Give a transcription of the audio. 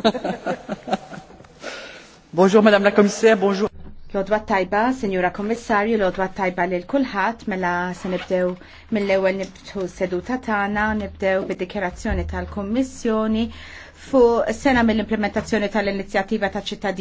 bonjour, Madame la Commissaire, bonjour. Lodwa tajba, Senjura Kommissarju, lodwa tajba lil kulħadd mela se nibdew mill-ewwel nibtu seduta tagħna, nibdew bid dikerazzjoni tal-Kummissjoni fuq sena mill-implementazzjoni tal-inizjattiva ta' ċittadini